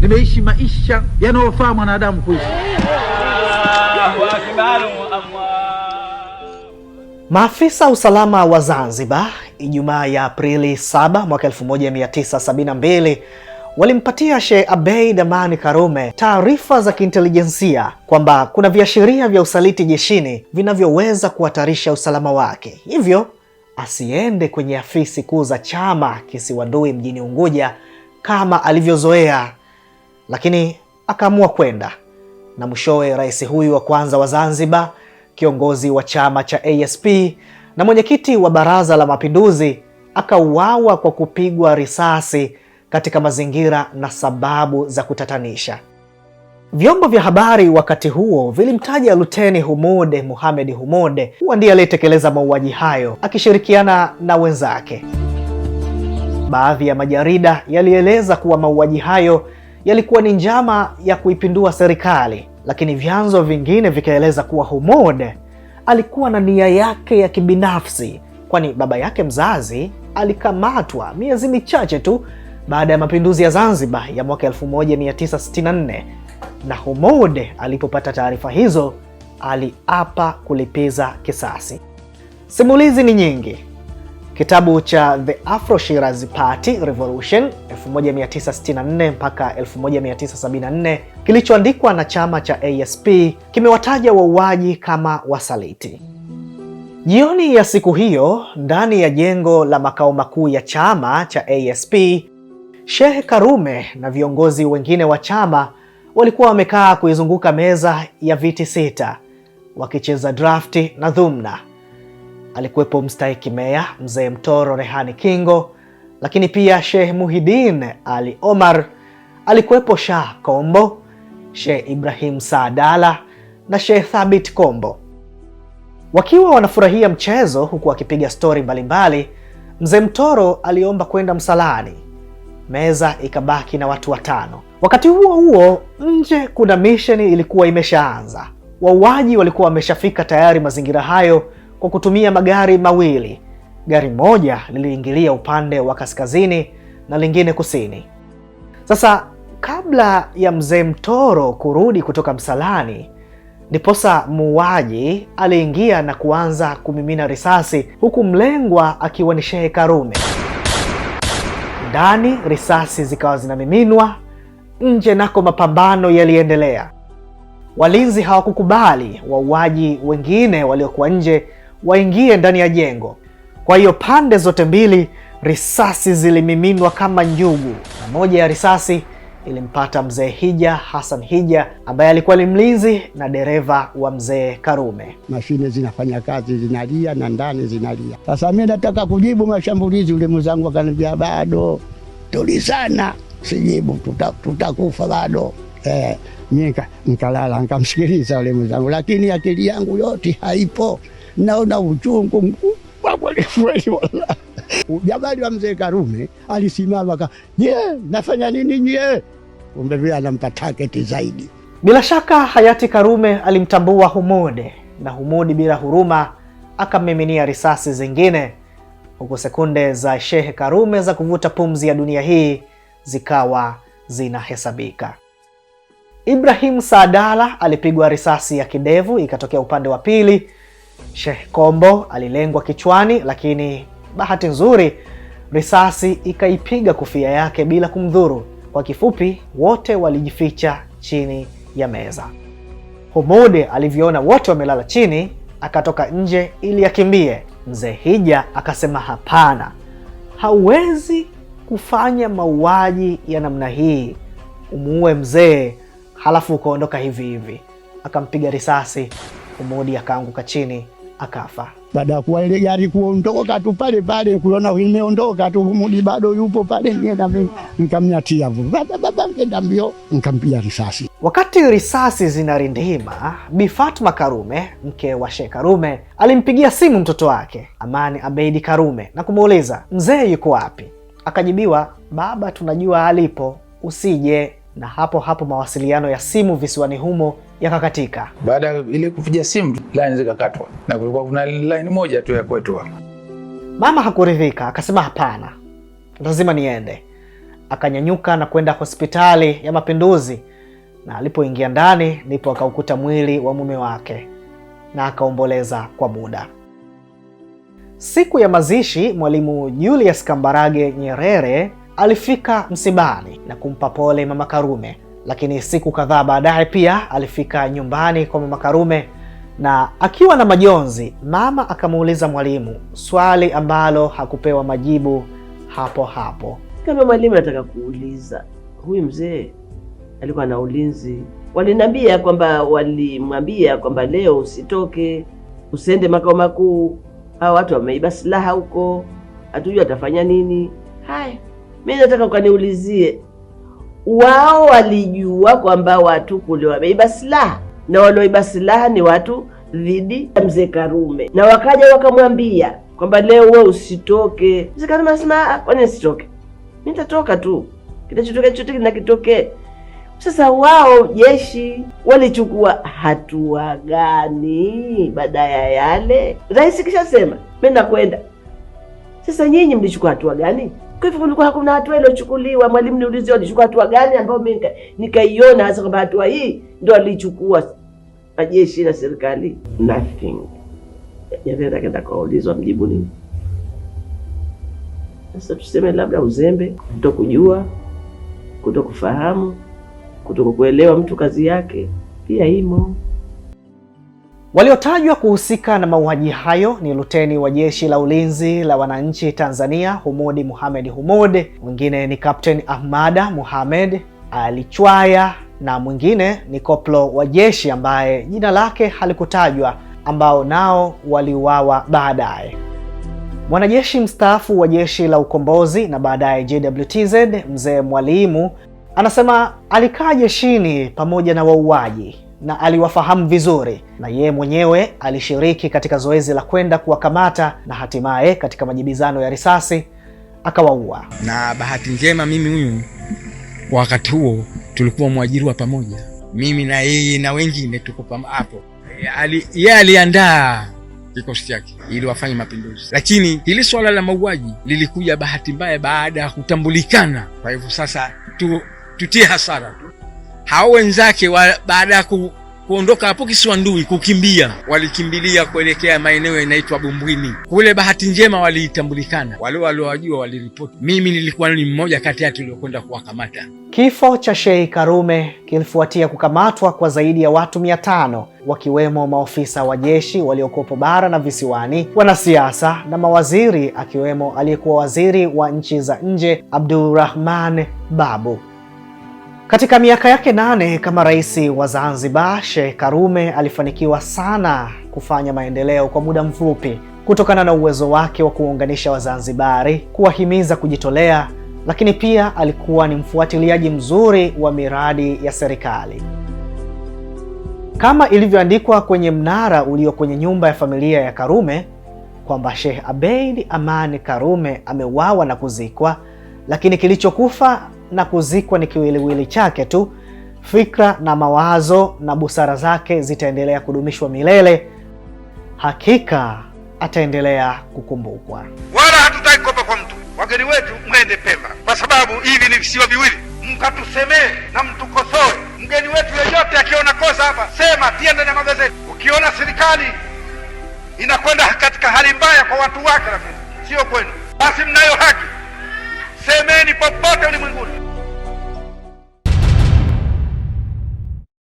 nimeishi maisha yanayofaa mwanadamu kuishi. Maafisa usalama wa Zanzibar Ijumaa ya Aprili 7 mwaka 1972 walimpatia Sheikh Abeid Amani Karume taarifa za kiintelijensia kwamba kuna viashiria vya usaliti jeshini vinavyoweza kuhatarisha usalama wake, hivyo asiende kwenye afisi kuu za chama Kisiwandui mjini Unguja kama alivyozoea lakini akaamua kwenda na mwishowe, rais huyu wa kwanza wa Zanzibar, kiongozi wa chama cha ASP na mwenyekiti wa Baraza la Mapinduzi, akauawa kwa kupigwa risasi katika mazingira na sababu za kutatanisha. Vyombo vya habari wakati huo vilimtaja Luteni Humode muhamed Humode huwa ndiye aliyetekeleza mauaji hayo akishirikiana na wenzake. Baadhi ya majarida yalieleza kuwa mauaji hayo yalikuwa ni njama ya kuipindua serikali, lakini vyanzo vingine vikaeleza kuwa Hamoud alikuwa na nia yake ya kibinafsi, kwani baba yake mzazi alikamatwa miezi michache tu baada ya mapinduzi ya Zanzibar ya mwaka 1964 na Hamoud alipopata taarifa hizo aliapa kulipiza kisasi. Simulizi ni nyingi Kitabu cha The Afro Shirazi Party Revolution 1964 mpaka 1974 kilichoandikwa na chama cha ASP kimewataja wauaji kama wasaliti. Jioni ya siku hiyo, ndani ya jengo la makao makuu ya chama cha ASP, Sheikh Karume na viongozi wengine wa chama walikuwa wamekaa kuizunguka meza ya viti sita wakicheza drafti na dhumna alikuwepo mstahiki meya mzee Mtoro Rehani Kingo, lakini pia Sheikh Muhidin Ali Omar, alikuwepo Shah Kombo, Sheikh Ibrahim Saadala na Sheikh Thabit Kombo. Wakiwa wanafurahia mchezo huku wakipiga stori mbalimbali, mzee Mtoro aliomba kwenda msalani. Meza ikabaki na watu watano. Wakati huo huo, nje kuna misheni ilikuwa imeshaanza. Wauaji walikuwa wameshafika tayari mazingira hayo kwa kutumia magari mawili. Gari moja liliingilia upande wa kaskazini na lingine kusini. Sasa kabla ya mzee Mtoro kurudi kutoka msalani, ndiposa muuaji aliingia na kuanza kumimina risasi, huku mlengwa akiwa ni Shehe Karume. Ndani risasi zikawa zinamiminwa, nje nako mapambano yaliendelea. Walinzi hawakukubali wauaji wengine waliokuwa nje waingie ndani ya jengo. Kwa hiyo pande zote mbili risasi zilimiminwa kama njugu, na moja ya risasi ilimpata mzee Hija Hassan Hija ambaye alikuwa ni mlinzi na dereva wa mzee Karume. Mashine zinafanya kazi, zinalia na ndani zinalia. Sasa mi nataka kujibu mashambulizi, ule mwenzangu akaniambia bado tulizana, sijibu, tutakufa tuta bado eh, mi nkalala nkamsikiliza ule mwenzangu, lakini akili yangu yote haipo naona uchungu mkubwa kweli, wallahi. jabali wa mzee Karume alisimama ka nye, nafanya nini nye? Kumbe vile anampa taketi zaidi. Bila shaka hayati Karume alimtambua Humudi na Humudi bila huruma akammiminia risasi zingine, huku sekunde za Shehe Karume za kuvuta pumzi ya dunia hii zikawa zinahesabika. Ibrahim Saadala alipigwa risasi ya kidevu ikatokea upande wa pili Sheikh Kombo alilengwa kichwani, lakini bahati nzuri risasi ikaipiga kofia yake bila kumdhuru. Kwa kifupi, wote walijificha chini ya meza. Humud alivyoona wote wamelala chini, akatoka nje ili akimbie. Mzee Hija akasema, hapana, hauwezi kufanya mauaji ya namna hii, umuue mzee halafu ukaondoka hivi hivi. Akampiga risasi Umudi akaanguka chini akafa. Baada ya kuwa ile gari kuondoka tu pale pale, kuona imeondoka tu, Umudi bado yupo pale, mimi nikamnyatia baba, nenda mbio, nikampiga risasi. Wakati risasi zinarindima, Bi Fatma Karume, mke wa Sheikh Karume, alimpigia simu mtoto wake Amani Abeidi Karume na kumuuliza mzee yuko wapi? Akajibiwa, baba tunajua alipo, usije na hapo hapo mawasiliano ya simu visiwani humo yakakatika. Baada ya ile kupiga simu, line zikakatwa na kulikuwa kuna line moja tu ya kwetu Mama hakuridhika, akasema hapana, lazima niende. Akanyanyuka na kwenda hospitali ya Mapinduzi, na alipoingia ndani ndipo akaukuta mwili wa mume wake na akaomboleza kwa muda. Siku ya mazishi, Mwalimu Julius Kambarage Nyerere Alifika msibani na kumpa pole mama Karume, lakini siku kadhaa baadaye pia alifika nyumbani kwa mama Karume na akiwa na majonzi, mama akamuuliza mwalimu swali ambalo hakupewa majibu hapo hapo. Kama mwalimu, nataka kuuliza, huyu mzee alikuwa na ulinzi? Waliniambia kwamba walimwambia kwamba leo usitoke, usiende makao makuu, hawa watu wameiba silaha huko, hatujui atafanya nini. Haya, mi nataka ukaniulizie, wao walijua kwamba kule wameiba silaha na walioiba silaha ni watu dhidi ya mzee Karume, na wakaja wakamwambia kwamba leo wewe usitoke. Mzee Karume asema ah, kwani sitoke, mi nitatoka tu, kinachotokea chote kinakitokee. Sasa wao jeshi walichukua hatua gani baada ya yale? Rais kishasema mi nakwenda, sasa nyinyi mlichukua hatua gani? Kwa hivyo kulikuwa hakuna hatua iliyochukuliwa. Mwalimu, niulizia alichukua hatua gani ambayo mimi nikaiona hasa kwamba hatua hii ndio alichukua majeshi na serikali? Nothing. Nyerere akaenda kuulizwa, mjibu nini? Sasa tuseme labda uzembe, kuto kujua, kuto kufahamu, kuto kuelewa mtu kazi yake pia imo. Waliotajwa kuhusika na mauaji hayo ni luteni wa jeshi la ulinzi la wananchi Tanzania Humudi Mohamed Humud, mwingine ni Kapteni Ahmada Mohamed Alichwaya na mwingine ni koplo wa jeshi ambaye jina lake halikutajwa, ambao nao waliuawa baadaye. Mwanajeshi mstaafu wa jeshi la ukombozi na baadaye JWTZ Mzee Mwalimu anasema alikaa jeshini pamoja na wauaji na aliwafahamu vizuri, na yeye mwenyewe alishiriki katika zoezi la kwenda kuwakamata na hatimaye katika majibizano ya risasi akawaua. Na bahati njema mimi huyu, wakati huo tulikuwa mwajiriwa pamoja, mimi na yeye na wengine tuko hapo. Yeye aliandaa kikosi chake ili wafanye mapinduzi, lakini hili swala la mauaji lilikuja bahati mbaya baada ya kutambulikana. Kwa hivyo sasa tu, tutie hasara tu hao wenzake baada ya ku, kuondoka hapo kisiwa Ndui kukimbia, walikimbilia kuelekea maeneo yanaitwa Bumbwini kule. Bahati njema walitambulikana, wale waliowajua waliripoti. Mimi nilikuwa ni mmoja kati ya tuliokwenda kuwakamata. Kifo cha Sheikh Karume kilifuatia kukamatwa kwa zaidi ya watu mia tano wakiwemo maofisa wa jeshi waliokopo bara na visiwani, wanasiasa na mawaziri, akiwemo aliyekuwa waziri wa nchi za nje Abdulrahman Babu. Katika miaka yake nane kama rais wa Zanzibar, Sheikh Karume alifanikiwa sana kufanya maendeleo kwa muda mfupi kutokana na uwezo wake wa kuunganisha Wazanzibari, kuwahimiza kujitolea, lakini pia alikuwa ni mfuatiliaji mzuri wa miradi ya serikali. Kama ilivyoandikwa kwenye mnara ulio kwenye nyumba ya familia ya Karume kwamba Sheikh Abeid Amani Karume ameuawa na kuzikwa, lakini kilichokufa na kuzikwa ni kiwiliwili chake tu. Fikra na mawazo na busara zake zitaendelea kudumishwa milele. Hakika ataendelea kukumbukwa. Wala hatutaki kopa kwa mtu. Wageni wetu mwende Pemba, kwa sababu hivi ni visiwa viwili, mkatusemee na mtukosoe. Mgeni wetu yeyote akiona kosa hapa, sema, tia ndani ya magazeti. Ukiona serikali inakwenda katika hali mbaya kwa watu wake, rafiki, sio kwenu, basi mnayo haki semeni de ulimwenguni.